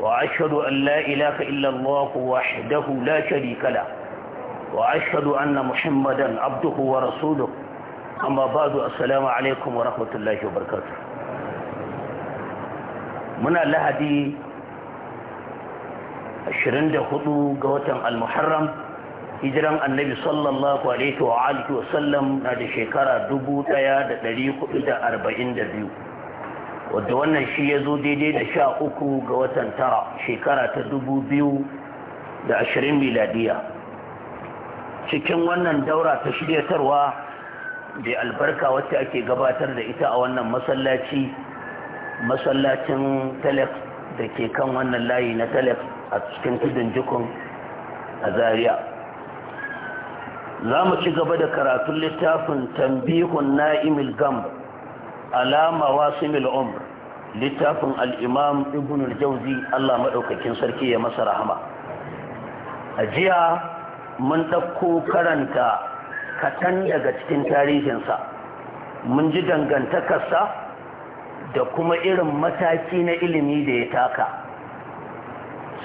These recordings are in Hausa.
وأشهد أن لا إله إلا الله وحده لا شريك له وأشهد أن محمدا عبده ورسوله أما بعد السلام عليكم ورحمة الله وبركاته من اللهدي 24 قوة المحرم hijiran annabi sallallahu alaihi wa alihi wa sallam na da shekara 1442 wadda wannan shi ya zo daidai da sha uku ga watan tara shekara ta dubu biyu da ashirin miladiya cikin wannan daura ta shiryatarwa da albarka wacce ake gabatar da ita a wannan masallaci masallacin telex da ke kan wannan layi na telex a cikin tudun jikun a zaria za mu ci gaba da karatun littafin tambihun na'imil gambo alama wasimil umr littafin al'imam ibn al-jauzi Allah maɗaukakin sarki ya masa rahama a jiya mun ɗauko karanta katan daga cikin tarihinsa mun ji dangantakarsa da kuma irin mataki na ilimi da ya taka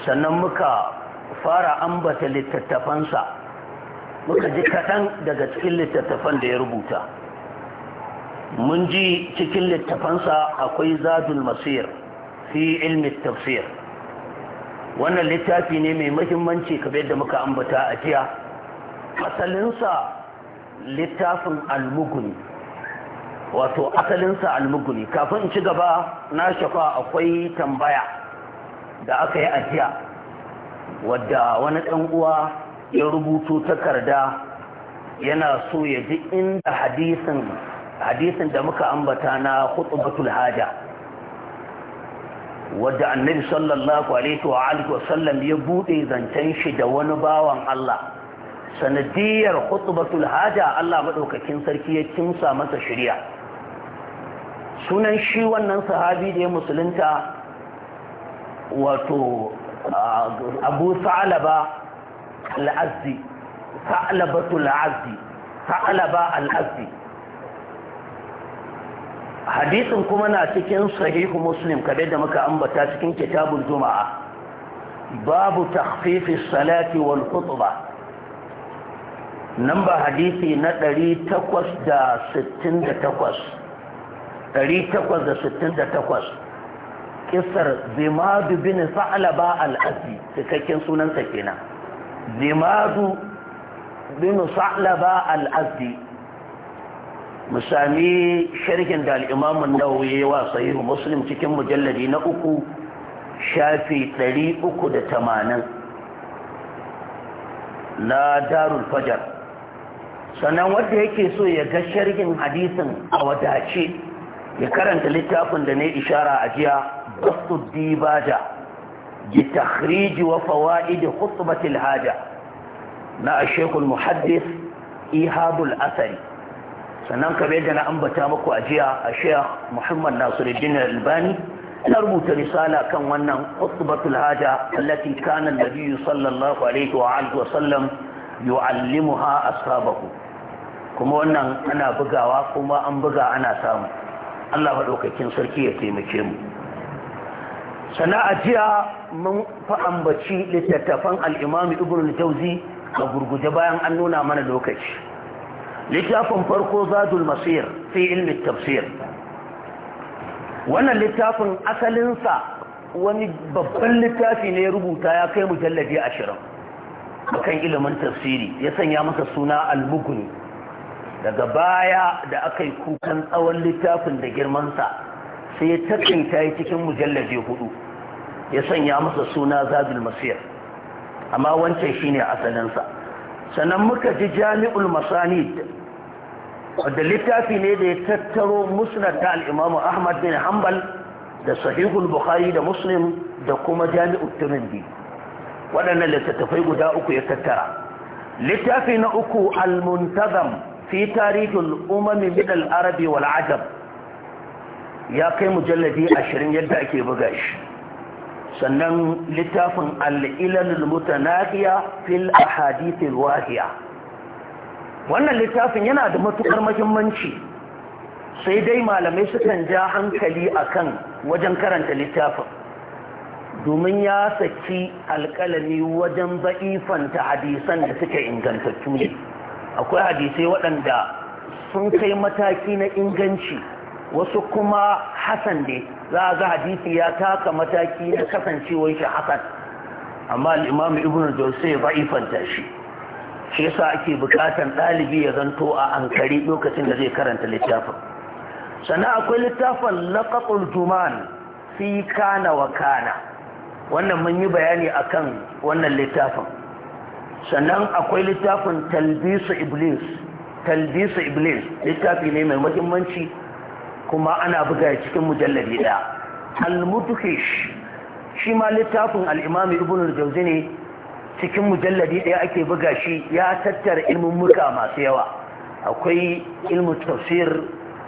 sannan muka fara ambata littattafansa muka ji katan daga cikin littattafan da ya rubuta mun ji cikin littafansa akwai zadul masir fi ilmi tafsir wannan littafi ne mai mahimmanci game da muka ambata a jiya asalinsa littafin almuguni wato asalinsa almuguni kafin in ci gaba na shafa akwai tambaya da aka yi a jiya wadda wani ɗan uwa ya rubuto takarda yana so ya ji inda hadisin hadisin da muka ambata na khutbatul haja wadda annabi sallallahu alaihi wa alihi wa sallam ya bude zancen shi da wani bawan Allah sanadiyar khutbatul haja Allah madaukakin sarki ya kimsa masa shari'a sunan shi wannan sahabi da ya musulunta wato Abu Sa'laba al-Azdi Sa'labatul Sa'laba al hadisin kuma na cikin sahihu muslim kabe da muka ambata cikin kitabun juma'a babu takfifi salati wal khutbah namba hadisi na 868 868 kisar zimadu bin sa'laba al-azdi cikakken sunan sunansa kenan zimadu bin sa'laba al-azdi mu sami sharhin da al'imamun nawawi wa sahihu muslim cikin mujalladi na uku shafi ɗari uku da tamanin na darul fajar sannan wanda yake so ya ga sharhin hadisin a wadace ya karanta littafin da ne ishara a jiya basu dibada, ji takhriji wa fawaidi khutbatil haja na ashekul muhaddis ihabul asari sannan kamar yadda na ambata muku a jiya a sheikh muhammad nasiruddin albani na rubuta risala kan wannan usbatul haja allati kana nabiyyu sallallahu alaihi wa alihi wa sallam yu'allimuha ashabahu kuma wannan ana bugawa kuma an buga ana samu Allah madaukakin sarki ya taimake mu sana'a jiya mun fa ambaci littattafan al-imam ibn al-jawzi a gurguje bayan an nuna mana lokaci littafin farko zadul masir fi ilmi tafsir wannan littafin asalinsa wani babban littafi ne rubuta ya kai mujallabi ashirin akan ilimin tafsiri ya sanya masa suna almuguni daga baya da aka yi kukan tsawon littafin da girmansa sai ya takinta yi cikin mujallabi hudu ya sanya masa suna zadul masir amma wancan shine asalinsa sannan muka ji jami'ul masanid wadda littafi ne da ya tattaro musnad ta al'imamu ahmad bin hanbal da sahihul bukhari da muslim da kuma jami'ul tirmidhi waɗannan littattafai guda uku ya tattara littafi na uku al-muntazam fi tarihul umami min al-arabi wal ajab ya kai mujalladi 20 yadda ake buga shi sannan littafin al'ilalul mutanahiya fil ahadithil wahiya wannan littafin yana da matukar mahimmanci sai dai malamai sukan ja hankali akan wajen karanta littafin domin ya saki alkalami wajen ba'ifanta hadisan da suka ingantattu ne akwai hadisai waɗanda sun kai mataki na inganci wasu kuma hasan ne za a ga hadisi ya taka mataki na kasancewar shi hasan amma al'imam ibn jose ya ba'ifanta shi shi yasa ake bukatan ɗalibi ya zanto a ankari lokacin da zai karanta littafin sannan akwai littafin laƙaƙul juman fi kana wa kana wannan mun yi bayani a kan wannan littafin sannan akwai littafin talbisu iblis talbisu iblis littafi ne mai muhimmanci kuma ana buga cikin mujalladi ɗaya al-mudhish shi ma littafin al'imami ibn al ne cikin mujalladi ɗaya ake buga shi ya tattara ilmin muka masu yawa akwai ilmin tafsir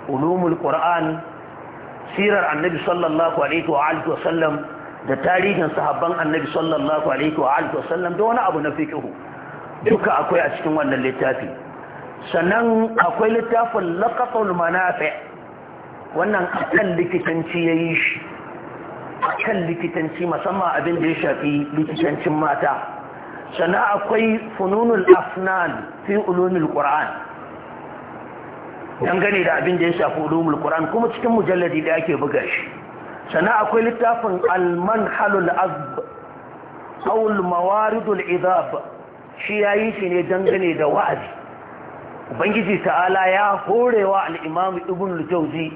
ulumul qur'an sirar annabi sallallahu alaihi wa alihi sallam da tarihin sahabban annabi sallallahu alaihi wa alihi sallam da wani abu na fiqhu duka akwai a cikin wannan littafi sannan akwai littafin laqatul manafi' wannan akan likitanci ya yi shi akan likitanci musamman abin da ya shafi likitancin mata sannan akwai fununul afnan fi ulumul qur'an dangane da abin da ya shafi ulumul qur'an kuma cikin mujalladi da ake buga shi sannan akwai littafin al-manhalul azb aw al-mawaridul idab shi yayi shi ne dangane da wa'azi ubangiji ta'ala ya horewa al-imam ibn al-jawzi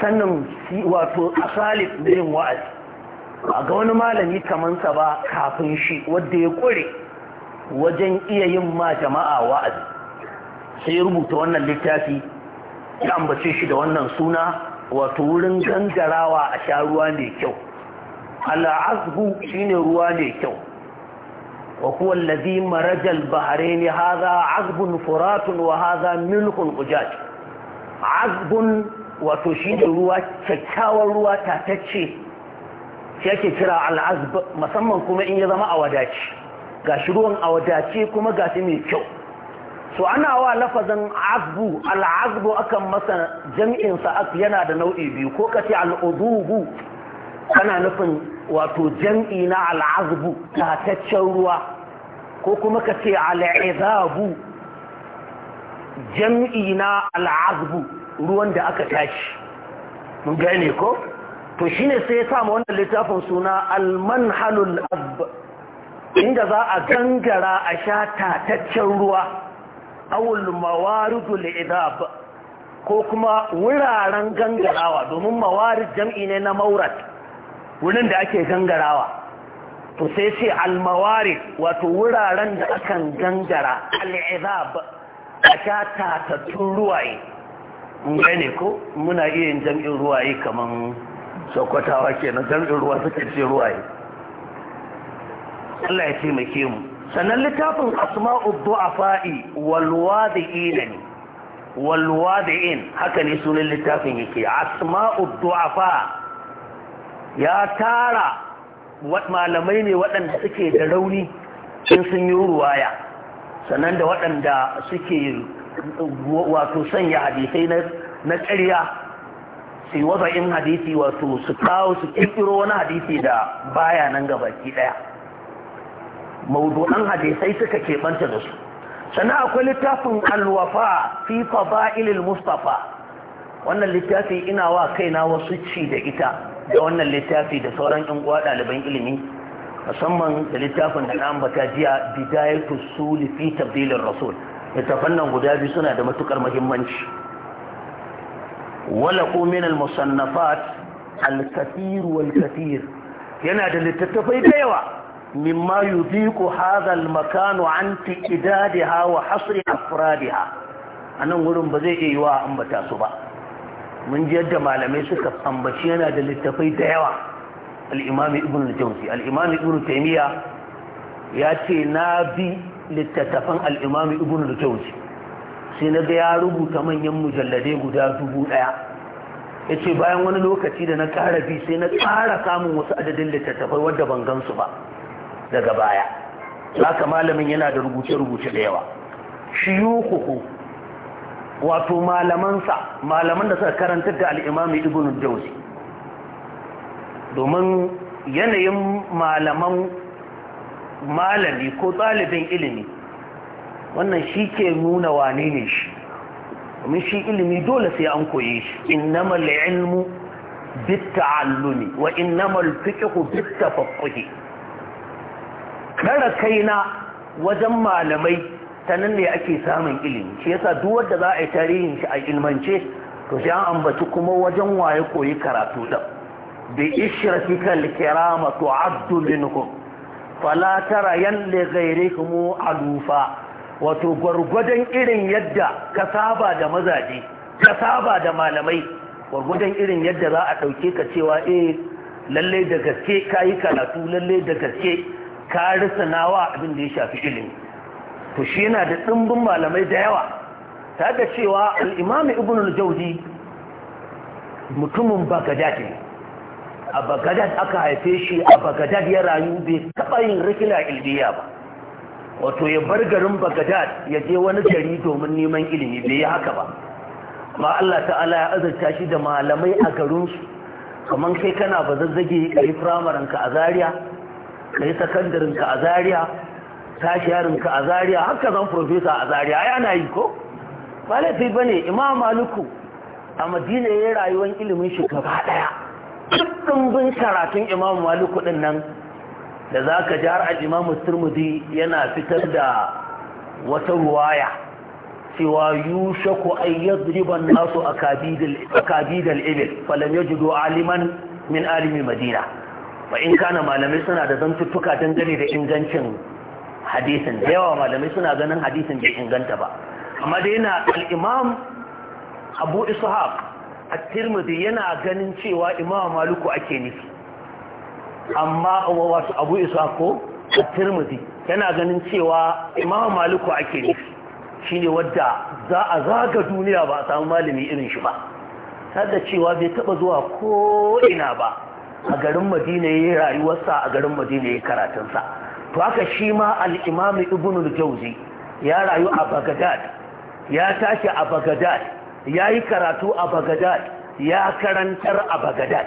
sannan wato asalif da yin wa'azi a ga wani malami kamansa ba kafin shi wadda ya kure wajen iya yin ma jama'a wa'azi sai rubuta wannan littafi ya ambace shi da wannan suna wato wurin gangarawa a sha ruwa mai kyau al'azbu shine ruwa mai kyau wa kuwa allazi marajal ne haza azbun furatun wa haza milhun ujaj azbun wato shi da ruwa kyakkyawan ruwa tatacce shi ake kira al'azb musamman kuma in ya zama a wadace ga shi ruwan a wadace kuma ga shi mai kyau so ana wa lafazin azbu al'azbu akan masa jam'insa yana da nau'i biyu ko kace al'udubu kana nufin wato jam'i na al'azbu tataccen ruwa ko kuma kace al'izabu jam'i na al'azbu ruwan da aka tashi mun gane ko to shine sai ya samu wannan littafin suna almanhalul ab inda za a gangara a sha tataccen ruwa awul mawaridul idab ko kuma wuraren gangarawa domin mawarid jam'i ne na maurat wurin da ake gangarawa to sai sai al-mawarid wato wuraren da akan gangara idab. a sha tatattun ruwaye in ne ko muna iya yin jam'in ruwaye kaman sokotawa kenan jam'in ruwa suke ce ruwaye Allah ya taimake mu sannan littafin asma'u du'afa'i wal wadi'in wal wadi'in haka ne sunan littafin yake asma'u du'afa ya tara malamai ne waɗanda suke da rauni in sun yi ruwaya sannan da waɗanda suke wato sanya hadisai na ƙarya su wata in hadisi wato su kawo su kirkiro wani hadisi da baya nan gabaki ɗaya maudu'an hadisai suka keɓanta da su sannan akwai littafin alwafa fi fada'ilil mustafa wannan littafi ina wa kaina wasu ci da ita da wannan littafi da sauran yan uwa ɗaliban ilimi musamman da littafin da na ambata jiya bidayatu suli fi tabdilin rasul littafan nan guda biyu suna da matukar muhimmanci wala min al-musannafat al-kathir wal kathir yana da littattafai da yawa mimma yudhiqu hadha al-makan an tiqdadaha wa hasr afradiha anan wurin ba zai iya yiwa ambata su ba mun ji yadda malamai suka ambaci yana da littattafai da yawa al-imam ibn al-jawzi al-imam ibn taymiya ya ce na bi littattafan al'imami ibn al-tawzi sai na ga ya rubuta manyan mujalladai guda dubu ɗaya ya ce bayan wani lokaci da na kara bi sai na kara samun wasu adadin littattafai wadda ban gansu ba daga baya ka malamin yana da rubuce-rubuce da yawa Shi shiyukuku wato malamansa malaman da suka karantar da al'imami ibn al domin yanayin malaman malami ko ɗalibin ilimi wannan shi ke nuna wane ne shi domin shi ilimi dole sai an koye shi innamal ilmu bitta'allumi wa innamal fiqhu bittafaqquhi kara kaina wajen malamai ta nan ne ake samun ilimi shi yasa duk wanda za a yi tarihin shi a ilmance to sai an ambaci kuma wajen waye koyi karatu da bi ishrati kal kirama tu'addu minhum fala tara yalle kuma alufa wato gwargwadon irin yadda ka saba da mazaje ka saba da malamai gwargwadon irin yadda za a ɗauke ka cewa eh lalle da gaske ka yi karatu lalle da gaske ka risanawa abin da ya shafi ilimi to shi yana da dimbin malamai da yawa ta da cewa al imam al jawzi mutumin bagada ne a bagadad aka haife shi a bagadad ya rayu bai taɓa yin rikila ilmiya ba wato ya bar garin bagadad ya je wani gari domin neman ilimi bai yi haka ba amma Allah ta'ala ya azurta shi da malamai a garinsu kamar kai kana ba zazzage ka yi firamarinka a zariya ka yi sakandarinka a zariya yarinka a zariya haka zan profesa a zariya na yi ko ba laifi ba ne imam maluku a madina ya yi rayuwar ilimin shi gaba ɗaya ɗumbin karatun imamu maliku ɗin nan da za ka ji har a imamu turmudi yana fitar da wata ruwaya cewa yushaku ayyar yadriban nasu akabidal ibil falam jido aliman min alimi madina ba in kana malamai suna da zan zantuttuka dangane da ingancin hadisin da yawa malamai suna ganin hadisin bai inganta ba amma dai yana al’imam abu ishaq at-tirmidhi yana ganin cewa imam maliku ake nufi amma wasu abu isa ko at-tirmidhi yana ganin cewa imam maliku ake nufi shine wadda za a zaga duniya ba a samu malami irin shi ba sadda cewa bai taba zuwa ko ina ba a garin madina yayi rayuwarsa a garin madina yayi karatunsa to haka shi ma al-imam ibn jawzi ya rayu a bagdad ya tashi a bagdad ya yi karatu a bagadad ya karantar a bagadad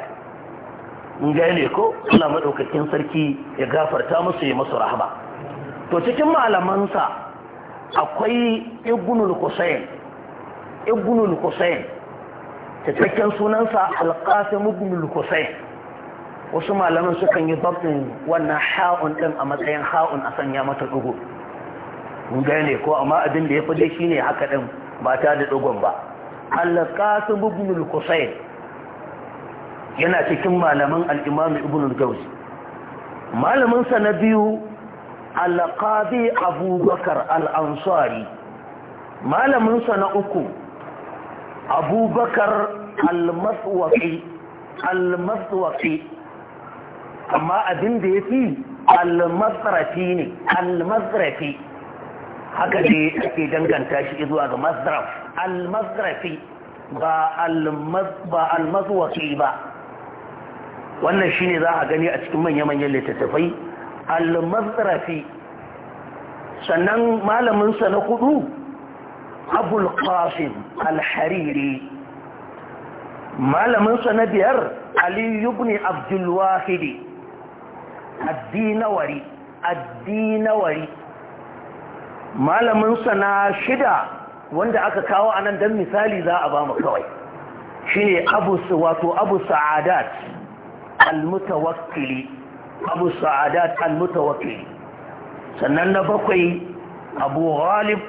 gane ko Allah maɗaukakin sarki ya gafarta musu ya masu rahama to cikin malamansa akwai ibnul husayn ibnul husayn cikakken sunansa alqasim ibnul husayn wasu malaman sukan yi babin wannan ha'un ɗin a matsayin ha'un a sanya mata dugo gane ko amma abin da ya fi dai shine haka din ba ta da dugon ba al ibn al yana cikin malaman al-imam ibn al malamin sa na biyu al-qadi abubakar al-ansari malamin sa na uku abubakar al-maswaqi al-maswaqi amma abin da yafi al-masrafi ne al-masrafi haka ne ake danganta shi zuwa ga masraf al-mazrafi ba al ba wannan shine za a gani a cikin manya-manyan littattafai al-mazrafi sannan malaminsa na hudu abul alhariri malaminsa na biyar Aliyu ibn abdul addinawari addinawari malaminsa na shida wanda aka kawo a nan don misali za a ba mu kawai Shi ne wato abu sa'adat al mutawakili abu sa'adat al-mutawakkili sannan na bakwai abu ghalib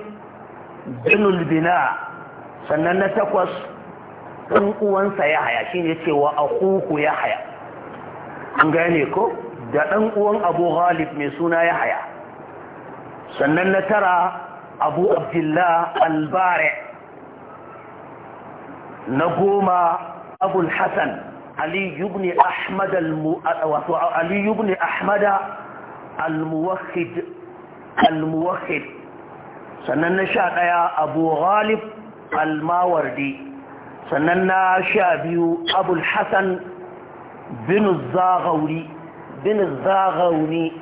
binul bina sannan na takwas ɗan uwansa ya haya shi ne cewa a kuku ya haya an gane ko da ɗan uwan abu ghalib mai suna ya haya sannan na tara abu abdullah albari na goma abul hassan ali yubni ahmad wato ali yubni ahmad almuwahid sannan na sha ɗaya abu ghalib almawardi sannan na sha biyu abul hassan binu zagauri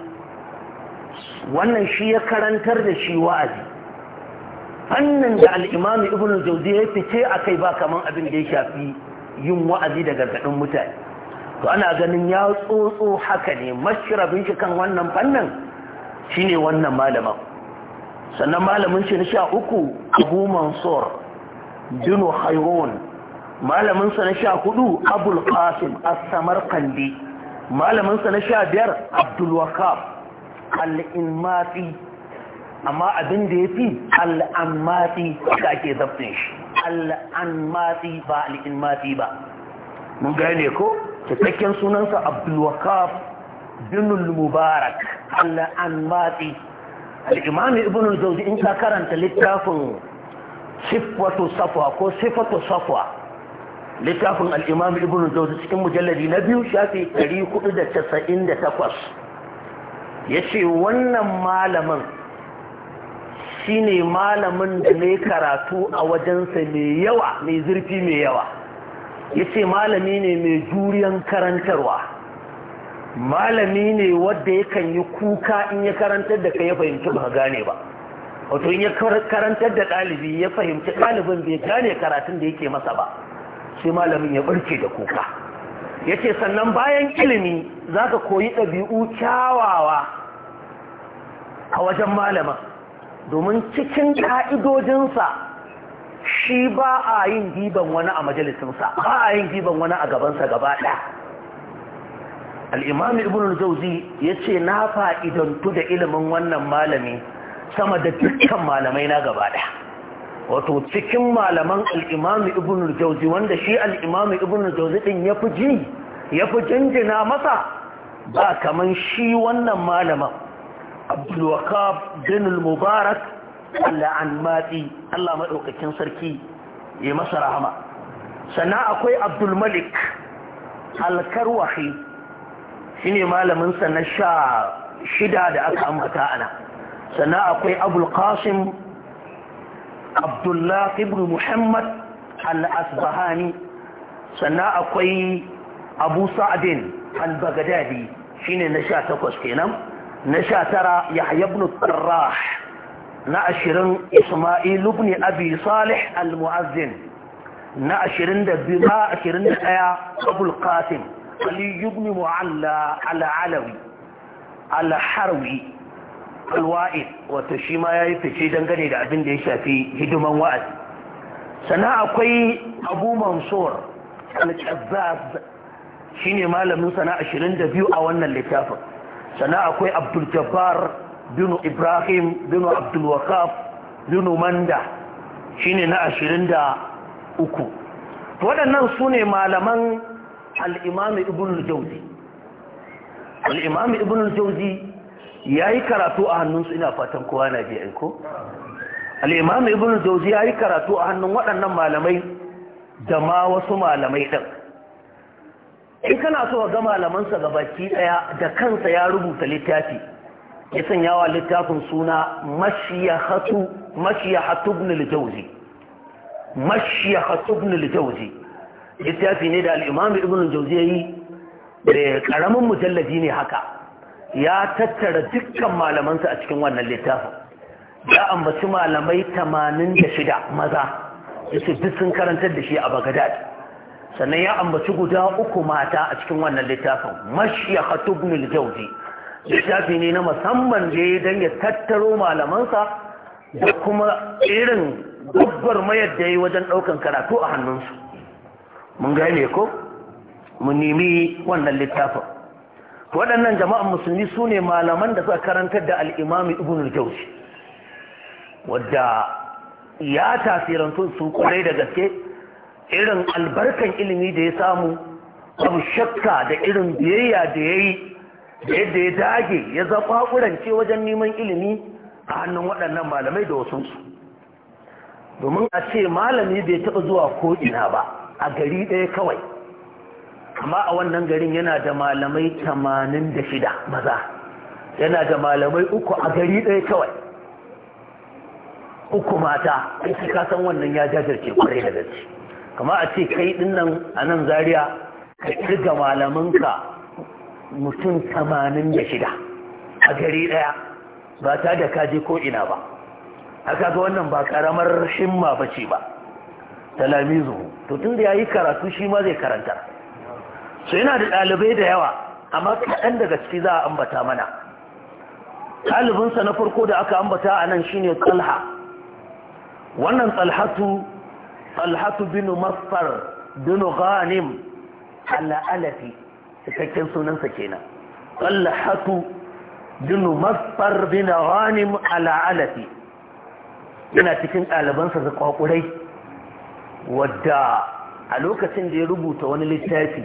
wannan shi ya karantar da shi wa'azi fannin da al'imami ibn jauzi ya fice a kai ba kamar abin da ya shafi yin wa'azi da gargaɗin mutane to ana ganin ya tsotso haka ne mashirabin shi kan wannan fannin shi ne wannan malaman sannan malamin shi na sha uku abu mansur dino malamin sa na sha hudu abul qasim Kande. Malaminsa malamin sa na sha biyar abdul wahab al amma abin da ya fi al'ammati da ke zafin shi al'ammati ba al'inmati ba mun gane ko cikakken sunansa abdulwakaf binul mubarak al'ammati al'imami ibn al-jauzi in ka karanta littafin sifatu safwa ko sifatu safwa littafin al'imami ibn al-jauzi cikin mujalladi na biyu shafi 498 ya ce wannan malamin shine malamin da ne karatu a wajensa mai yawa mai zurfi mai yawa ya ce malami ne mai juriyan karantarwa malami ne wadda yakan yi kuka in ya karantar da ka ya fahimci ba gane ba wato in ya karantar da ɗalibi ya fahimci ɗalibin bai gane karatun da yake masa ba sai malamin ya ɓarke da kuka ya ce sannan bayan ilimi za ka koyi ɗabi'u kyawawa a wajen malamin domin cikin ƙa'idojinsa shi ba a yin giban wani a majalisinsa ba a yin giban wani a gabansa gaba ɗaya al'imam ibn al ya ce na fa'idantu da ilimin wannan malami sama da dukkan malamai na gaba ɗaya wato cikin malaman al'imam ibn al wanda shi al'imam ibn al ɗin ya fi ji ya fi jinjina masa ba kaman shi wannan malaman Abdulwakab bin mubarak Allah an matsi Allah maɗaukakin sarki ya masa rahama sannan akwai abdulmalik alkarwahi shi ne malaminsa na sha shida da aka ambata ana sannan akwai abulkasim abdullah ibn muhammad al-asbahani sannan akwai abu sa'adin al-bagadadi shi ne na sha takwas kenan na sha tara yahya ibn tsarrah na ashirin isma'il ibn abi salih al-mu'azzin na ashirin da biyu ashirin da ɗaya abul qasim ali ibn mu'alla al-alawi al-harwi al-wa'id wato shi ma yayi fice dangane da abin da ya shafi hidiman wa'azi sana akwai abu mansur al-kazzab shine malamin sana biyu a wannan littafin sannan akwai abdul jabbar binu ibrahim binu abdul wakaf binu manda shine na ashirin da uku waɗannan su ne malaman al'imami ibn jauzi al'imami ibn jauzi ya yi karatu a hannunsu ina fatan kowa na biya ko al'imami ibn jauzi ya yi karatu a hannun waɗannan malamai da ma wasu malamai ɗan in kana so ga malamansa gabaki daya da kansa ya rubuta littafi ya sanya wa littafin suna Mashiya hatu ibn al littafi ne da al-imam ibn al-jawzi yayi da karamin mujallabi ne haka ya tattara dukkan malamansa a cikin wannan littafin ya ambaci malamai 86 maza yace duk sun karantar da shi a Baghdad sannan ya ambaci guda uku mata a cikin wannan littafin mashiya ibn jauzi littafi ne na musamman da ya dan ya tattaro malamansa da kuma irin gubbar mayar da yi wajen ɗaukan karatu a hannunsu mun gane ko Mun nemi wannan littafin waɗannan jama'an musulmi su ne malaman da suka karantar da al'imami ibn jauzi wadda ya tasirantu su kwarai da gaske irin albarkan ilimi da ya samu babu shakka da irin biyayya da ya yi da yadda ya dage ya zafa kurance wajen neman ilimi a hannun waɗannan malamai da wasunsu domin a ce malami bai taɓa zuwa ko'ina ba a gari ɗaya kawai amma a wannan garin yana da malamai tamanin da shida maza yana da malamai uku a gari ɗaya kawai uku mata aiki kasan wannan ya jajirce kwarai da gaske kama a ce kai nan a nan zariya ka kirga malamanka mutum tamanin da shida a gari daya ba ta da kaji ko ina ba haka ga wannan ba karamar shimma ba ce ba talamizu to tun da ya yi karatu shi ma zai karanta Su yana da ɗalibai da yawa amma kaɗan daga ciki za a ambata mana ɗalibinsa na farko da aka ambata a nan shine tsalha wannan tsalhatu alhatu binu masar binu ghanim al'alafi cikakken sunansa kenan alhatu binu masar binu ghanim al'alafi yana cikin ɗalibansa da kwakurai wadda a lokacin da ya rubuta wani littafi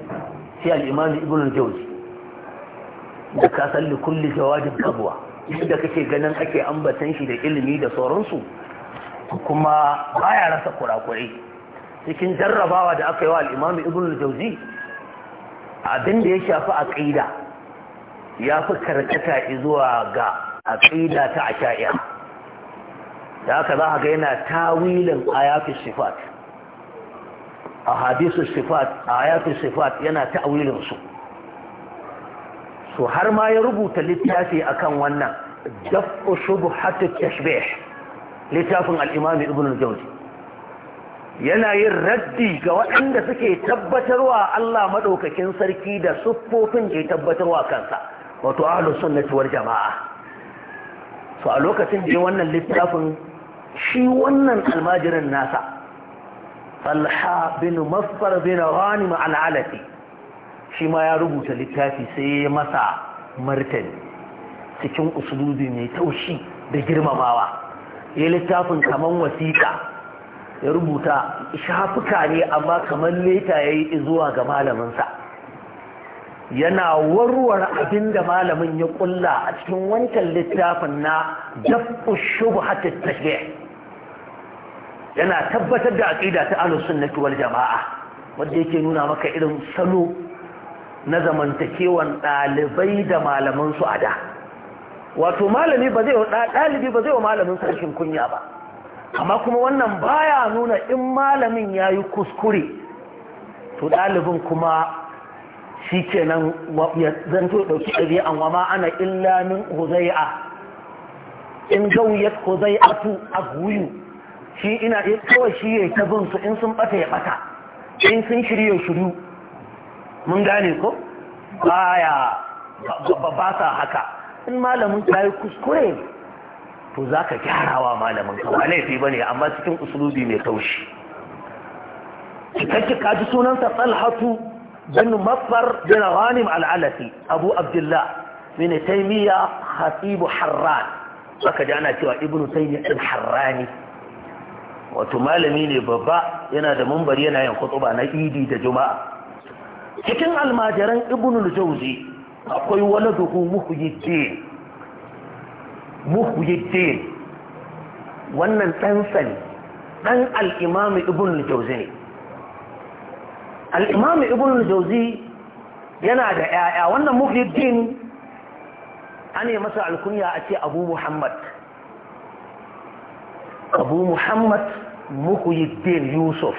sai al'imami ibn al-jawzi da kasan likulli jawajin kabuwa inda kake ganin ake ambatan shi da ilimi da sauransu kuma baya rasa kurakurai cikin jarrabawa da aka yi wa Al'imami ibn al-jauzi abin ya shafi ƙida ya fi karkata zuwa ga ƙida ta asha'ira da haka za a ga yana tawilin ayatul sifat ahadisul sifat ayatul sifat yana ta'wilin su su har ma ya rubuta littafi akan wannan shubu shubhatu tashbih littafin al'imami imam ibn al-jawzi yana yin raddi ga waɗanda suke tabbatarwa Allah maɗaukakin sarki da siffofin da tabbatarwa kansa wato ahlus sunnati wal jamaa to a lokacin da wannan littafin shi wannan almajirin nasa Talha bin mafar bin Ghanim al alati shi ma ya rubuta littafi sai masa martani cikin usulubi mai taushi da girmamawa ya littafin kamar wasiƙa ya rubuta shafuka ne amma kamar leta ya yi zuwa ga malaminsa yana warware abin da malamin ya ƙulla a cikin wancan littafin na dafu shubu hatta yana tabbatar da aƙida ta alusun sunnati kiwar jamaa wanda yake nuna maka irin salo na zamantakewan ɗalibai da malaman su a da wato malami ba zai wa ɗalibi ba zai wa malamin sarkin kunya ba amma kuma wannan baya nuna in malamin ya yi kuskure to ɗalibin kuma shi ke nan ya zanto ɗauki ɗabi'an wa ma ana illamin huzai'a in gauyat huzai'atu a guyu shi ina iya eh, kawai shi ya ta bin su in sun ɓata ya ɓata in sun shirya shiru mun gane ko baya ba sa haka in malamin ka yi kuskure to za ka gyarawa malamin ka ba laifi ba ne amma cikin usulubi mai taushi cikakke kaji sunansa talhatu bin mafar bin ghanim al'alafi abu abdullah min taymiya khatibu harran aka ji ana cewa ibnu taymiya al-harrani wato malami ne babba yana da mambari yana yin kutuba na idi da juma'a cikin almajiran ibnu al-jawzi akwai wani duhu waladuhu muhyiddin muhyiddin wannan ɗansa ne ɗan al'imami ibn al-jauzi ne al'imami ibn al-jauzi yana da ‘ya'ya wannan muhyiddin ana masa alkunya a ce abu muhammad abu muhammad muhyiddin yusuf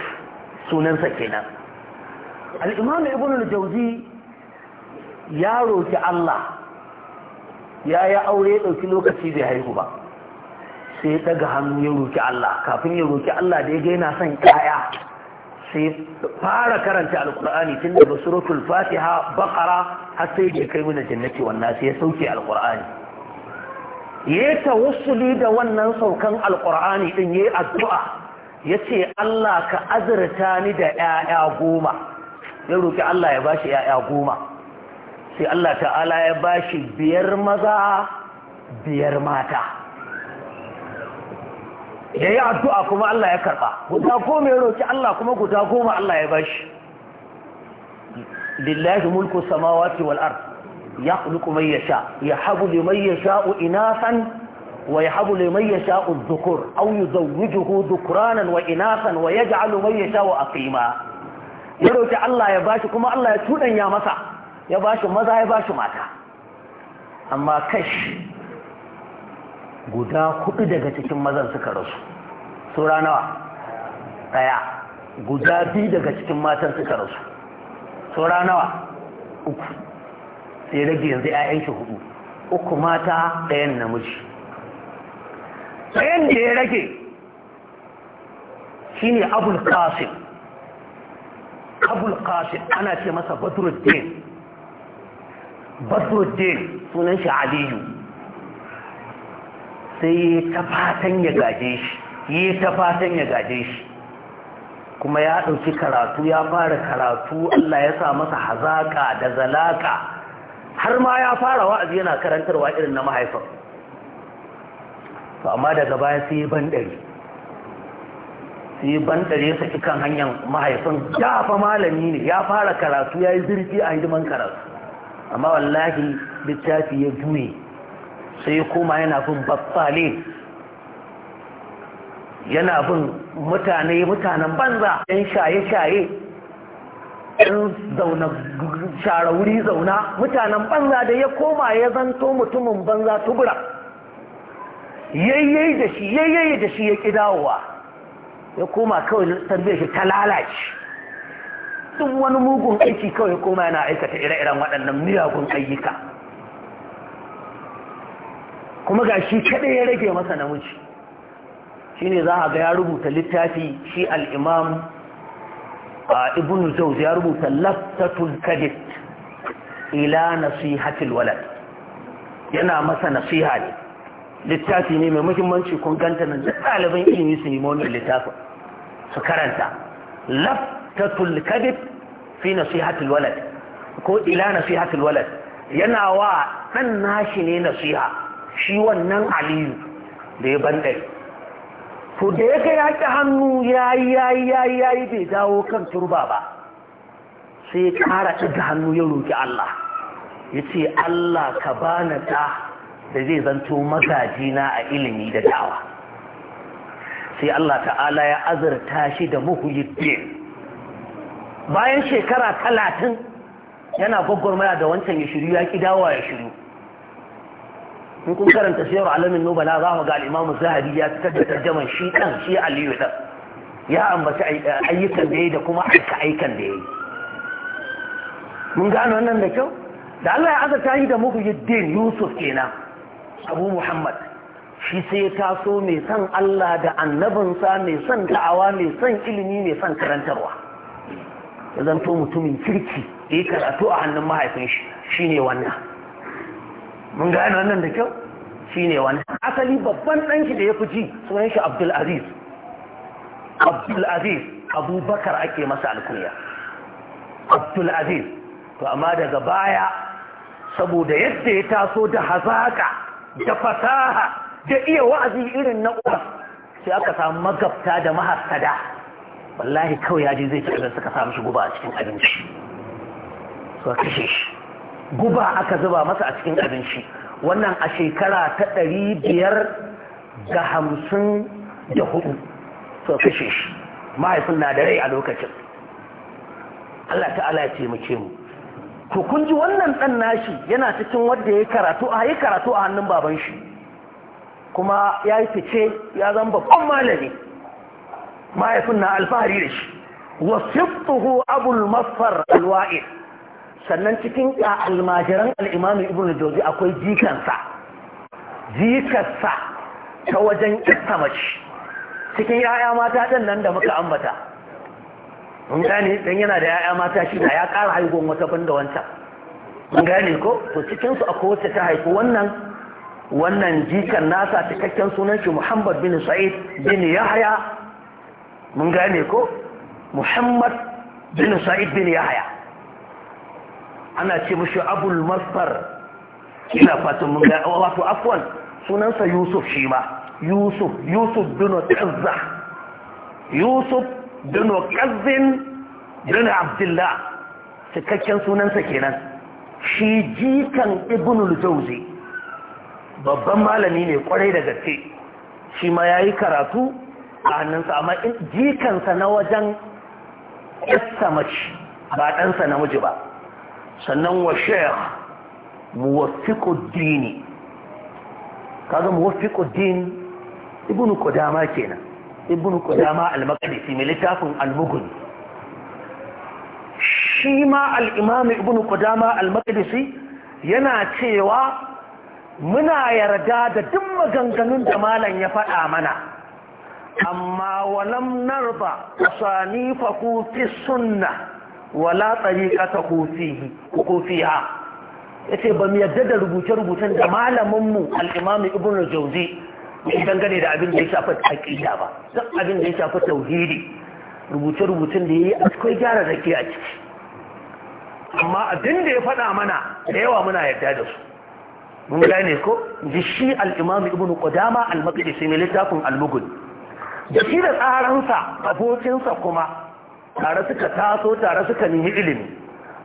sunansa kenan al'imami ibn al-jauzi ya roki Allah ya yi aure ya ɗauki lokaci bai haihu ba sai ya ɗaga hannu ya roki Allah kafin ya roki Allah da ya ga yana son ƴaƴa sai fara karanta Alƙur'ani tun daga rufin fatiha bakara har sai da kai mana jannati wannan sai ya sauke Alƙur'ani. ya tawassuli da wannan saukan Alƙur'ani ɗin ya yi addu'a ya ce Allah ka azurta ni da 'ya'ya goma ya roki Allah ya ba shi 'ya'ya goma sai Allah ta'ala ya bashi biyar maza biyar mata ya yi addu'a kuma Allah ya karɓa guda goma ya roƙi Allah kuma guda goma Allah ya bashi lillahi mulku samawati wal ard ya khluqu man yasha yahabu liman yasha'u inasan wa yahabu liman yasha'u dhukur aw yuzawwijuhu dhukranan wa inasan wa yaj'alu man yasha'u aqima ya roƙi Allah ya bashi kuma Allah ya cuɗanya masa ya ba shi maza ya ba shi mata amma kashi guda hudu daga cikin mazan suka rasu sura nawa daya guda biyu daga cikin matan suka rasu sura nawa uku sai rage yanzu 'ya'yan shi hudu uku mata ɗayan namiji ɗayan da ya rage shi ne abul qasim abul qasim ana ce masa badruddin badruddin sunan shi aliyu sai yi ta fatan ya gaje shi yi ta fatan ya gaje shi kuma ya ɗauki karatu ya fara karatu Allah ya sa masa hazaka da zalaka har ma ya fara wa'azi yana karantarwa irin na mahaifar to amma daga baya sai yi sai yi ya saki kan hanyar mahaifin ya fa malami ne ya fara karatu ya yi zirfi a hidiman karatu amma wallahi littafi ya juye sai ya koma yana bin bafale yana bin mutane mutanen banza yan shaye-shaye yan zauna share wuri zauna mutanen banza da ya koma ya zanto mutumin banza tubura yayyayi da shi yayyayi da shi ya ƙi dawowa ya koma kawai tarbiyar shi ta lalace duk wani mugun aiki kawai koma yana aikata ire-iren waɗannan miyagun ayyuka kuma ga shi kaɗai ya rage masa namiji shi ne za a ga ya rubuta littafi shi al'imam a ibn zauz ya rubuta laftatul kadit ila nasihatul walad yana masa nasiha ne littafi ne mai muhimmanci kun ganta nan da ɗaliban ilimi su nemo wannan littafin su karanta laftatul muhtatul kadib fi nasihatul walad ko ila nasihatul walad yana wa dan nashi ne nasiha shi wannan aliyu da ya bandare to da ya hannu ya-ya-ya yayi bai dawo kan turba ba sai kara ɗaga hannu ya roki Allah yace Allah ka bani ta da zai zanto magajina a ilimi da dawa sai Allah ta'ala ya azurta shi da muhuyiddin bayan shekara talatin yana gwagwarmaya da wancan ya shiru ya ki dawowa ya shiru in kun karanta sayar alamin nubala za mu ga al'imamu zahari ya fitar da tarjaman shi ɗan shi aliyu ɗan ya ambaci eh, ayyukan da ya yi da kuma aika aikan da ya yi mun gano wannan da kyau da Allah ya azata yi da yadda yusuf kenan abu muhammad shi sai ya taso mai son Allah da annabinsa mai son da'awa mai son ilimi mai son karantarwa ya zanto mutumin kirki da ya karatu a hannun mahaifin shi shine wannan mun gane wannan da kyau shine wannan asali babban ɗan da ya fi ji sunan shi Abdul Aziz Abdul Aziz Abubakar ake masa alkunya Abdul Aziz to amma daga baya saboda yadda ya taso da hazaka da fasaha da iya wa'azi irin na uwa sai aka samu magabta da mahassada wallahi kawai ya je zai ci abin suka samu shi guba a cikin abinci a kashe shi guba aka zuba masa a cikin abinci wannan a shekara ta ɗari biyar ga hamsin da hudu a kashe shi mahaifin na da rai a lokacin Allah ta'ala ya taimake mu to kun ji wannan ɗan nashi yana cikin wanda ya karatu a yi karatu a hannun baban shi kuma ya yi fice ya zama babban malami mahaifin na alfahari da وصفته wa المصفر الوائل masfar alwa'id sannan cikin almajiran al'imamu ibn jauzi akwai jikansa jikarsa ta wajen ita mace cikin ya'ya mata ɗan nan da muka ambata mun gane dan yana da ya'ya mata shi da ya ƙara haihuwan wata banda wancan mun gane ko to cikinsu akwai wacce ta haifi wannan wannan jikan nasa cikakken sunan shi Muhammad bin Sa'id bin Yahya mun gane ko muhammad bin sa'id bin yahya ana ce mashi abul masfar ina fatan mun ga wato afwan sunansa yusuf shi ma yusuf yusuf bin qazza yusuf bin qazzin bin abdullah cikakken sunansa kenan shi jikan ibnul jawzi babban malami ne kwarai da gaske shi ma yayi karatu a hannunsa amma jikansa na wajen ƙasa mace ba ɗansa namiji ba sannan wa sheikh muwafiquddini kaga muwafiquddin ibnu qudama kenan ibnu dama al-maqdisi mai littafin al-mughni shi ma al-imam ibnu dama al-maqdisi yana cewa muna yarda da duk maganganun da malam ya faɗa mana amma walam narba ku fi sunna wala tariqatahu fihi ko fiha yace ba mu yadda da rubuce-rubucen da malamin mu al-Imam Ibn Jawzi dangane da abin da ya shafi aqida ba duk abin da ya shafi tauhidi rubuce-rubucen da yayi akwai gyara rake a ciki amma abin da ya faɗa mana da yawa muna yadda da su mun gane ko ji shi al-Imam Ibn Qudama al-Maqdisi ne littafin al-Mughni da shi da tsaransa abokinsa kuma tare suka taso tare suka nemi ilimi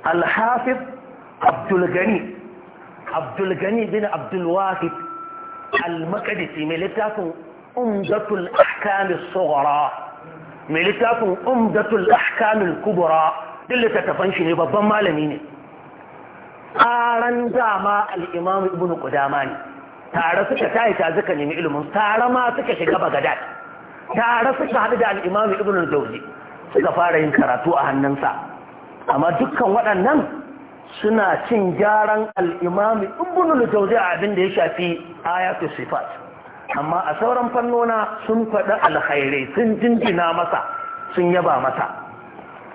alhafiz abdulgani abdulgani bin abdulwahid al mai littafin umdatul ahkamis tsohara mai littafin umdatul ahkamis kubura din littattafan shi ne babban malami ne tsaran dama al'imamu ibn kudama ne tare suka yi ta zuka nemi ilimin tare ma suka shiga bagadad tare suka haɗu da al'imami ibn al suka fara yin karatu a hannunsa amma dukkan waɗannan suna cin gyaran al'imami ibn al a abin da ya shafi ayatu sifat amma a sauran fannona sun faɗi alhairai sun jinjina masa sun yaba masa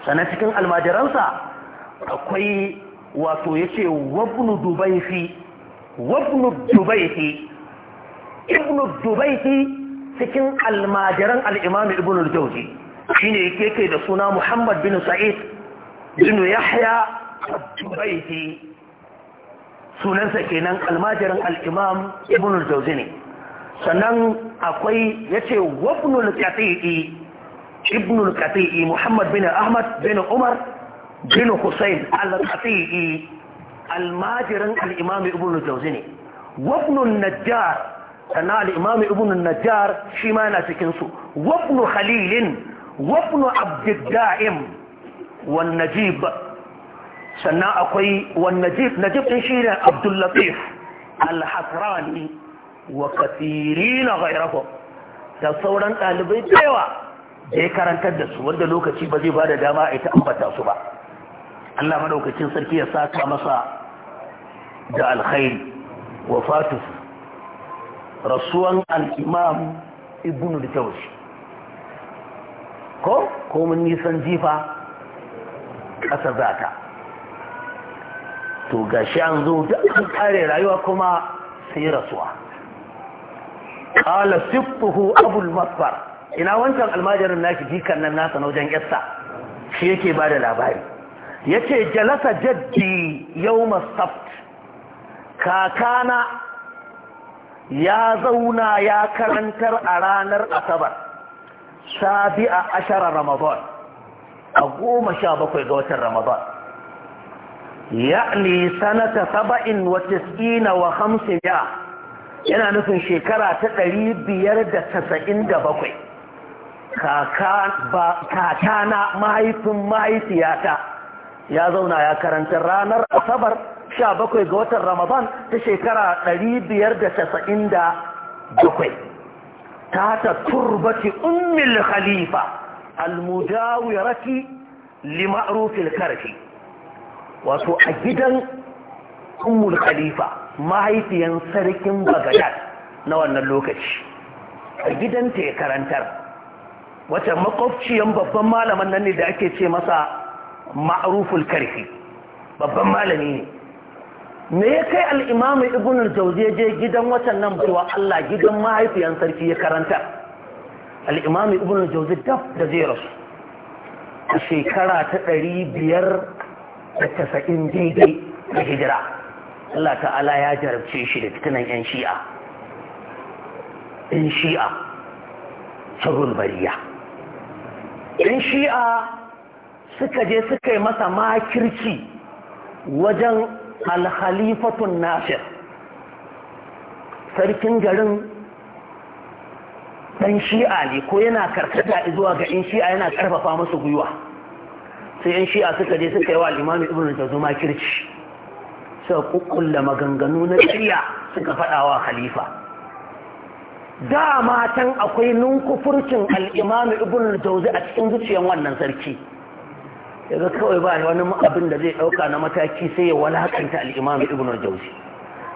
sana cikin almajiransa akwai wato ya ce wabnu wabnu cikin almajiran al'imam ibn al-jauzi shi ne yake da suna muhammad bin sa'id bin yahya al sunansa kenan almajiran al'imam ibn al-jauzi ne sannan akwai ya ce wabnul kati'i ibnul kati'i muhammad bin ahmad bin umar bin hussein al-kati'i almajiran al'imam ibn al-jauzi ne wabnul najjar sannan al'imam ibn najjar shi ma yana cikinsu wabnu halilin, wabnu abdidda'im wan najib sannan akwai wan najib najib ɗin shi ne abdullatif alhasrani wa kafiri na da sauran ɗalibai tsewa da ya karantar da su wanda lokaci ba zai ba da dama a ita ambata su ba Allah madaukakin sarki ya saka masa da alkhairi wa fatusu rasuwan al'imam ibn al ko ko nisan jifa ƙasa za ta to gashi an zo da an kare rayuwa kuma sai rasuwa ƙala siffuhu abul masfar ina wancan almajirin naki jikan nan nasa na wajen yasta shi yake ba da labari ya ce jalasa jaddi yau masaft kakana ya zauna ya karantar a ranar asabar sabi'a ashara ramadan a goma sha bakwai ga watan ramadan ne sanata saba'in wa tsina wa hamsin ya yana nufin shekara ta ɗari biyar da tasa'in da bakwai kakana mahaifin mahaifiyata ya zauna ya karantar ranar asabar sha bakwai ga watan ramadan ta shekara ɗari biyar da casa'in da bakwai ta ta turbati ummul khalifa almujawirati lima'rufil karfi wato a gidan ummul khalifa mahaifiyan sarkin bagadad na wannan lokaci a gidanta ya karantar wacce makwabciyan babban malaman nan ne da ake ce masa ma'ruful karfi babban malami ne me ya kai al'imamu ibn al-jauzi je gidan watan nan cewa Allah gidan mahaifiyan sarki ya karanta al'imamu ibn al-jauzi daf da Zeros a shekara ta ɗari biyar da tasa'in daidai da hijira Allah ta'ala ya jarabce shi da fitinan 'yan shi'a 'yan shi'a sharrul bariya 'yan shi'a suka je suka yi masa makirci wajen alhalifatun nashir sarkin garin ɗan shi'a ne ko yana karkata zuwa ga in shi'a yana ƙarfafa masu gwiwa sai 'yan shi'a suka je suka yi wa limamin ibn jazuma kirci suka kukkulla maganganu na ƙarya suka faɗawa khalifa da matan akwai nunkufurcin al'imamu ibn jauzi a cikin zuciyar wannan sarki yanzu kawai ba wani abin da zai ɗauka na mataki sai ya walakanta al'imam ibn al-jauzi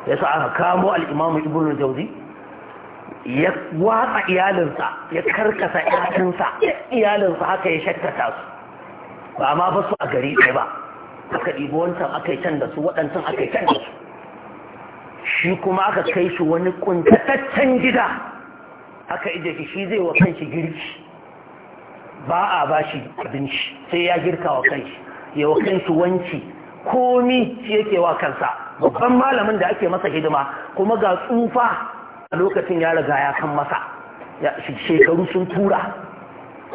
ya sa aka kamo al'imamu ibn al-jauzi ya watsa iyalinsa ya karkasa iyalinsa iyalinsa haka ya shakkata su ba ma ba su a gari ɗaya ba aka ɗibo wancan aka yi can da su waɗancan aka yi can da su shi kuma aka kai shi wani ƙuntataccen gida aka ije shi shi zai wa kanshi girki ba a bashi abinci sai ya girka wa kai ya wa kansu wanci komi shi yake wa kansa babban malamin da ake masa hidima kuma ga tsufa a lokacin ya riga ya kan masa shekaru sun tura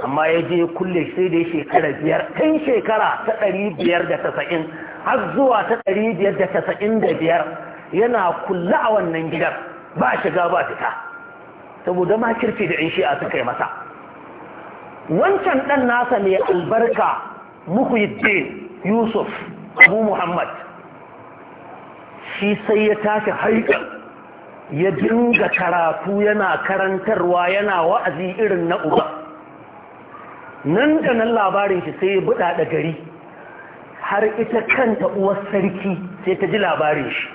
amma ya je kulle sai da shekara biyar kan shekara ta ɗari biyar da tasa'in har zuwa ta ɗari biyar da tasa'in da biyar yana kulla a wannan gidan ba shiga ba fita saboda ma kirki da in shi'a suka yi masa wancan ɗan nasa mai albarka muhuyiddin yusuf abu muhammad shi sai ya tashi haika ya dinga karatu yana karantarwa yana wa'azi irin na uba nan da nan labarin shi sai ya buɗa da gari har ita kanta uwar sarki sai ta ji labarin shi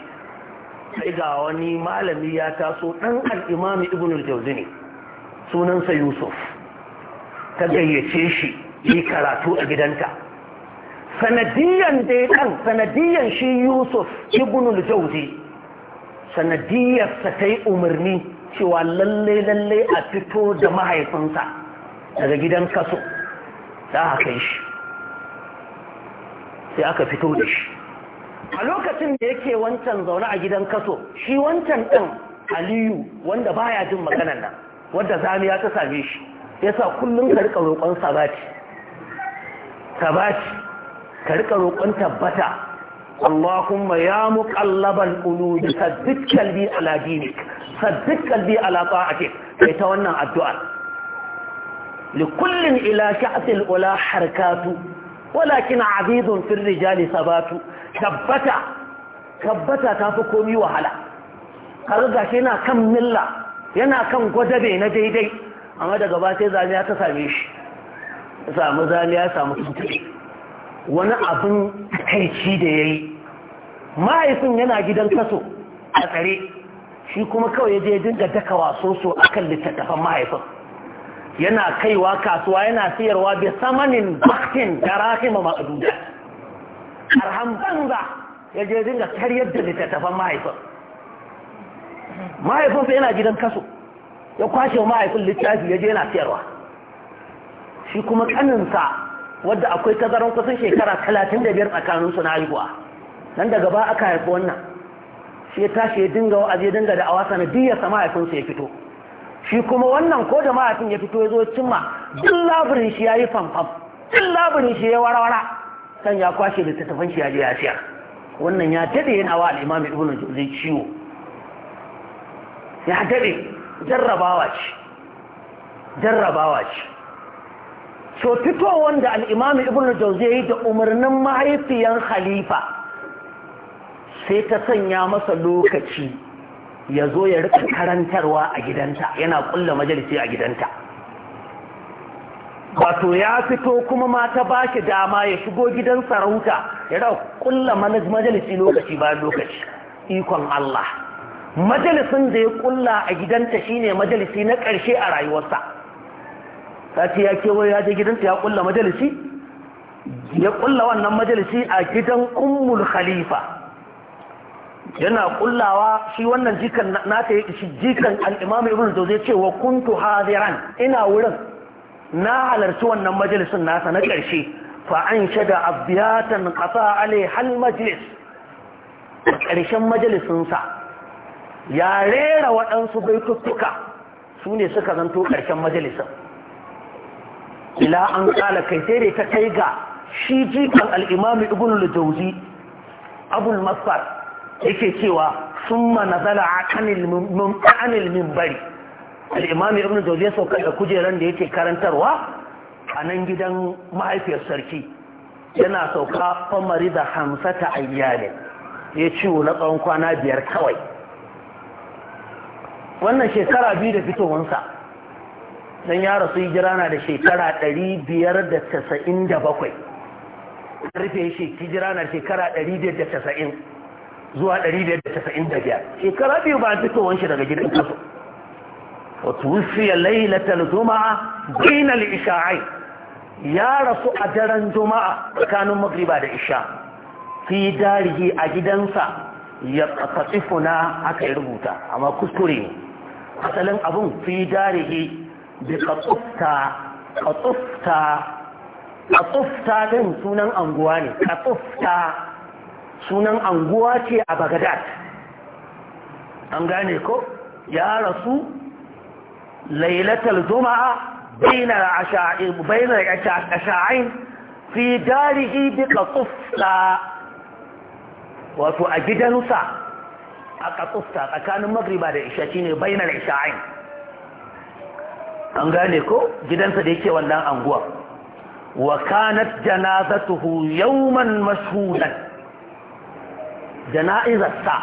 sai ga wani malami ya taso ɗan al'imami ibn al-jauzi ne sunansa yusuf ta gayyace shi yi karatu a gidanta sanadiyan dai ya kan sanadiyan shi yusuf ibnul jauzi sanadiyarsa ta yi umarni cewa lalle lalle a fito da mahaifinsa daga gidan kaso za a kai shi sai aka fito da shi a lokacin da yake wancan zaune a gidan kaso shi wancan ɗan aliyu wanda baya jin maganan nan wadda zamiya ta same shi yasa kullum ka rika roƙon sabati sabati ka roƙon tabbata Allahumma ya muqallabal qulub sabbit qalbi ala dinik sabbit qalbi ala ta'atik kai ta wannan addu'a li kullum ila sha'til ula harkatu walakin abidun fil rijali sabatu tabbata tabbata tafi komi wahala kaga gashi yana kan milla yana kan gwadabe na daidai amma daga ba sai zamiya ta same shi samu zane, ya samu tuntuni wani abin kaici da ya yi mahaifin yana gidan kaso a tsare shi kuma kawai ya je dinga daka waso so kan littattafan mahaifin yana kaiwa kasuwa yana siyarwa bai samanin baktin da rahima ma'aduda Arhan banza ya je dinga karyar da littattafan mahaifin mahaifinsa yana gidan kaso ya kwashe mahaifin littafi ya je yana siyarwa shi kuma kaninsa wadda akwai tazaran kusan shekara talatin da biyar tsakaninsu na haihuwa nan daga ba aka haifi wannan shi ya tashi ya dinga wa'azi ya dinga da awa sanadiyarsa mahaifinsa ya fito shi kuma wannan ko da mahaifin ya fito ya zo cimma duk labirin shi ya yi famfam duk labirin shi ya warawara kan ya kwashe littattafan shi ya je ya siyar wannan ya daɗe yana wa al'imam ibn juzai ciwo ya daɗe jarrabawa ce jarrabawa ce so fitowar da al'imami ibn yi da umarnin mahaifiyan khalifa sai ta sanya masa lokaci ya zo ya rika karantarwa a gidanta yana kulla majalisi a gidanta wato ya fito kuma mata ba shi dama ya shigo gidan sarauta ya da kulla majalisi lokaci ba lokaci ikon Allah majalisin da ya kulla a gidanta shine majalisi na ƙarshe a rayuwarsa sati ya ya je gidanta ya kulla majalisi ya kulla wannan majalisi a gidan ummul khalifa yana kullawa shi wannan jikan na ya shi jikan al ibn zawzi ce wa kuntu hadiran ina wurin na halarci wannan majalisin nasa na ƙarshe fa an shada abiyatan kasa ale hal majlis ƙarshen majalisinsa ya rera waɗansu baituttuka su ne suka zanto ƙarshen majalisa ila an ƙala kai sai dai ta kai ga shi jikan al'imami ibn al-jauzi abul masfar yake cewa sun zala a kanil mimbari al'imami ibn al ya sauka da kujeran da yake karantarwa a nan gidan mahaifiyar sarki yana sauka famari da hamsata ayyalin ya ciwo na tsawon kwana biyar kawai wannan shekara biyu da fitowansa don ya rasu hijira na da shekara 597 rufe shi hijira na shekara 190 zuwa 195 shekara biyu ba fitowan shi daga gidan kasu. wato wufiya lailatar juma'a bainal isha'ai ya rasu a daren juma'a tsakanin magriba da isha fi darihi a gidansa ya tsafifuna aka yi rubuta amma kuskure ne asalin abun fi darihi bi katsufta katsufta katsufta din sunan anguwa ne katsufta sunan anguwa ce a bagadad an gane ko ya rasu lailatul juma'a bainar asha'in bainar fi darihi bi katsufta wato a gidansa a katsusta tsakanin magriba da isha shine bainar isha'in an gane ko gidansa da yake wannan anguwa wa kanat janazatuhu yawman mashhudan jana'izarsa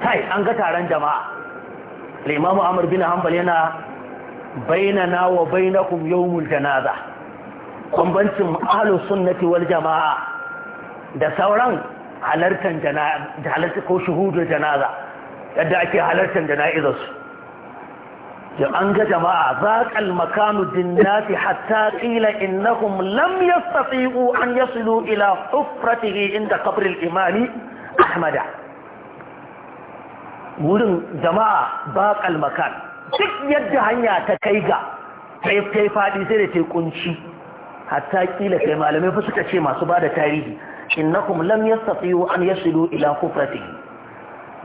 kai an ga taron jama'a limamu amr bin hanbal yana bainana wa bainakum yawmul janaza bambancin ahlus sunnati wal jama'a da sauran halartar janaza ko shuhudul janaza yadda ake halartar jana'izarsu Yau an ga jama'a zaƙal makanu dinnati hatta ƙila innahum lam yastati'u an yasilu ila hufratihi inda kabril imani ahmada wurin jama'a baƙal makan duk yadda hanya ta kai ga taifai faɗi sai da taikunci hatta ƙila kai malamai fa suka ce masu ba da tarihi innakum lam yastati'u an yasilu ila hufratihi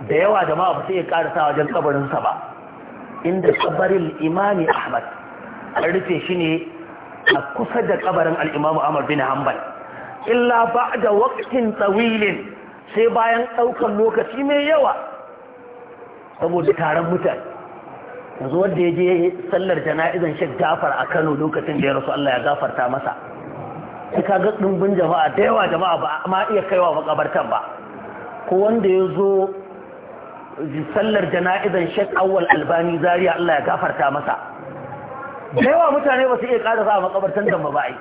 da yawa jama'a ba sai ya karasa wajen kabarinsa ba inda kabarin imami ahmad an rufe shi ne a kusa da kabarin al'imamu ahmad bin hanbal illa ba da waktin tsawilin sai bayan ɗaukar lokaci mai yawa saboda taron mutane yanzu wanda ya je sallar jana'izan shek gafar a kano lokacin da ya rasu allah ya gafarta masa ta ka ga jama'a da yawa jama'a ba ma iya kaiwa makabartan ba ko wanda ya zo sallar jana'izan Sheikh Awwal Albani Zaria Allah ya gafarta masa da wa mutane ba su iya ƙara sa a makabartan damba ba ai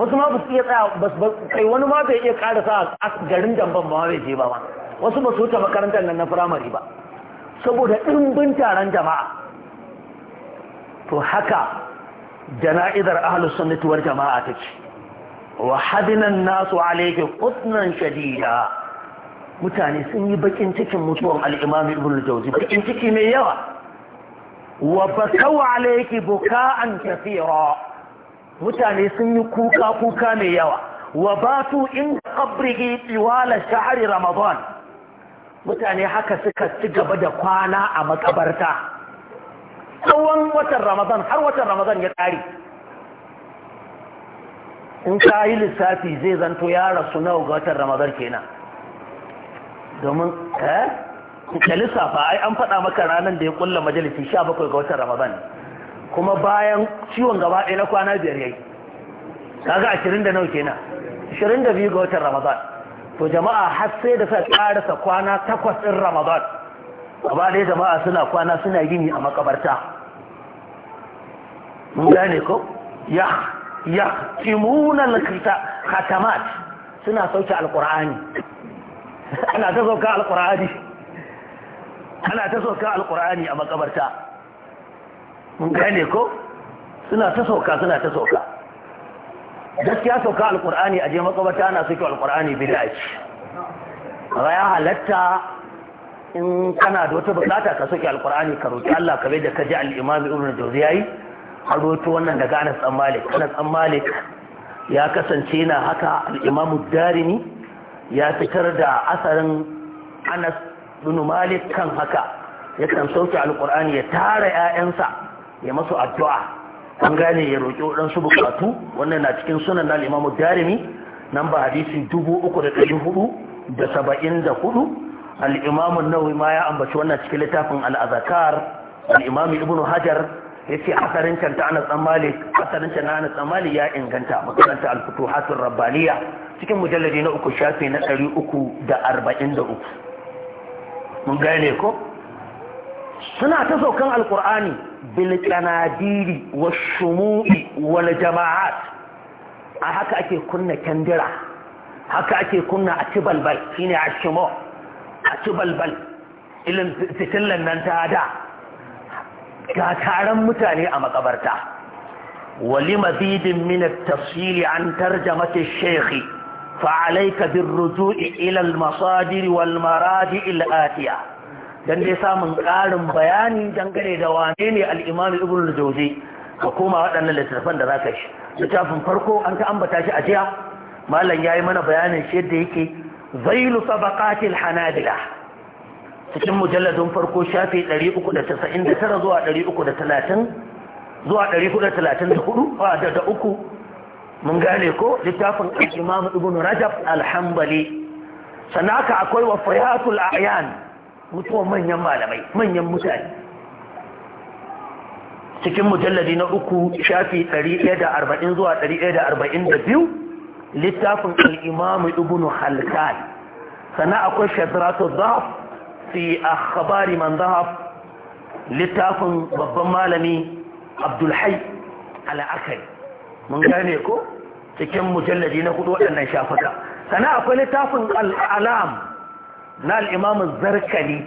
wasu ma ba su iya tsaya ba kai wani ma bai iya ƙara sa a garin damban ba ma bai je ba ma wasu ba su wuce makarantar nan na firamare ba saboda ɗimbin taron jama'a to haka jana'izar ahlus sunnati wal jama'a ce, wa hadinan nasu alayka qutnan shadida mutane sun yi bakin cikin mutuwan al'imam ibn jauzi bakin ciki mai yawa wa bakau alayki buka'an kathira mutane sun yi kuka kuka mai yawa wa batu in qabrihi tiwala sha'ri ramadan mutane haka suka ci gaba da kwana a makabarta tsawon watan ramadan har watan ramadan ya kare in ka yi lissafi zai zanto ya rasu nawa ga watan ramadan kenan domin eh, ka lissafa ai an faɗa maka ranar da ya kulla majalisi 17 ga watan Ramadan kuma bayan ciwon gaba ɗaya na kwana biyar yayi kaga 20 da nawa kenan 22 ga watan Ramadan to jama'a har sai da sa karasa kwana takwas ɗin Ramadan gaba ɗaya jama'a suna kwana suna gini a makabarta mun gane ko ya ya timuna lakita khatamat suna sauke alqur'ani ana ta sauka Alƙur'ani ana ta sauka alkur'ani a makabarta mun gane ko suna ta sauka suna ta sauka gaskiya sauka alkur'ani a je makabarta ana sauke alkur'ani bid'a ce ya halatta in kana da wata bukata ka sauke Alƙur'ani ka roki Allah ka bai da ka ji al'imami imam Ibn Jawzi yayi har roto wannan daga Anas bin Malik Anas bin Malik ya kasance na haka al-Imam Darimi ya fitar da asarin anas bin malik kan haka ya kan sauke alkur'ani ya tara 'ya'yansa ya masu addu'a an gane ya roƙi waɗansu bukatu wannan na cikin sunan na limamu jarumi nan ba hadisi dubu uku da ɗari hudu da saba'in da hudu al'imamun nawawi ma ya ambaci wannan cikin littafin al'azakar al'imamu ibnu hajar ya ce asarin can ta tsammali asarin can na anas tsammali ya inganta makaranta alfutu hasin rabbaniya cikin mujalladi na uku shafi na ɗari uku da arba'in da uku mun gane ko suna ta saukan alkur'ani bil kanadiri wa shumu'i wal jama'at a haka ake kunna kandira haka ake kunna a cibalbal shine a shimo a cibalbal ilin fitillan nan ta da ga taron mutane a makabarta wali mazidin min at-tafsil an tarjamat ash-shaykh fa alayka bir-ruju' wal-maradi' al-atiya dai samun ƙarin bayani dangane da wane ne al ibn al ka koma waɗannan littattafan da zaka shi littafin farko an ta ambata shi a jiya malam yi mana bayanin shi yadda yake zailu sabaqatil hanabila cikin mujalladin farko shafi 399 zuwa 330 zuwa 434 da uku mun gane ko littafin al-imam rajab al-hanbali sanaka akwai wafayatul a'yan mutuwan manyan malamai manyan mutane cikin mujalladi na uku shafi 140 zuwa 142 littafin al-imam ibn halkan sana akwai shadratu dhaf fi akhbari man zahab littafin babban malami Abdul abdulhai al'akari mun gane ko cikin mujallaji na hudu wadannan shafuka sana akwai littafin al'am na al'imamun zarkali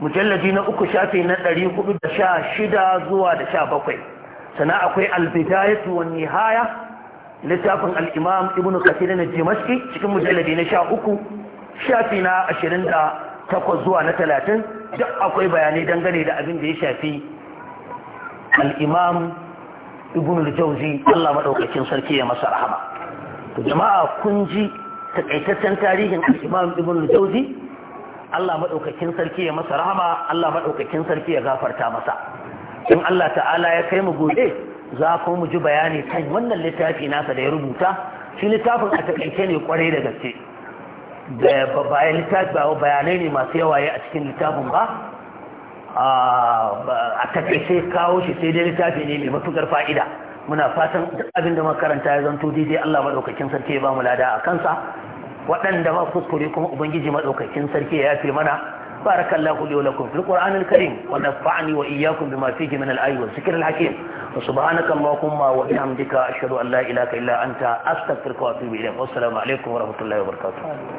mujallaji na uku shafi na ɗari da sha shida zuwa da sha bakwai sana akwai albidayatu wa nihaya littafin al'imam ibn kasir na jimashi cikin mujallaji na sha uku shafi na ashirin da takwas zuwa na talatin duk akwai bayanai dangane da abin da ya shafi al'imam ibn al-jauzi Allah maɗaukakin sarki ya masa rahama to jama'a kun ji takaitaccen tarihin al’imam imam ibn al-jauzi Allah maɗaukakin sarki ya masa rahama Allah maɗaukakin sarki ya gafarta masa in Allah ta'ala ya kai mu gobe za ku mu ji bayani kan wannan littafi nasa da ya rubuta shi littafin a takaice ne kwarai da gaske bayan littafi ba bayanai ne masu yawa ya a cikin littafin ba a takaice kawo shi sai dai littafi ne mai matukar fa'ida muna fatan abin da makaranta ya zanto daidai Allah maɗaukakin sarki ya ba mu lada a kansa waɗanda ba kuskure kuma ubangiji maɗaukakin sarki ya yafe mana بارك الله لي ولكم في القرآن الكريم ونفعني وإياكم بما فيه من الآي والذكر الحكيم وسبحانك اللهم وبحمدك أشهد أن لا إله إلا أنت أستغفرك وأتوب إليك والسلام عليكم ورحمة الله وبركاته